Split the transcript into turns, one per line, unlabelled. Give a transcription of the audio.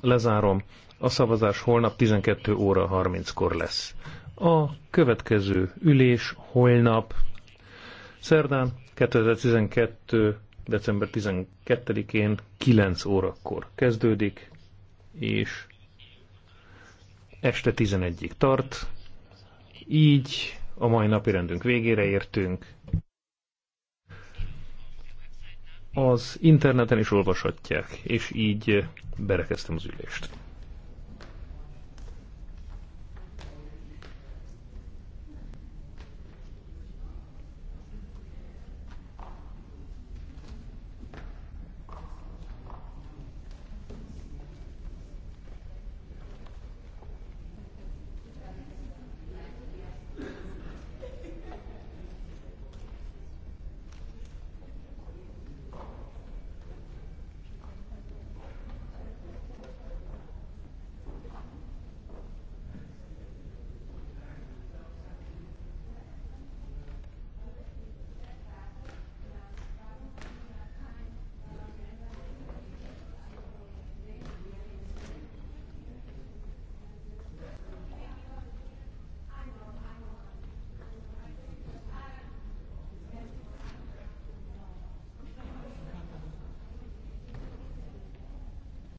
Lezárom. A szavazás holnap 12 óra 30-kor lesz. A következő ülés holnap, szerdán 2012. december 12-én 9 órakor kezdődik, és este 11-ig tart. Így a mai rendünk végére értünk az interneten is olvashatják, és így berekeztem
az ülést.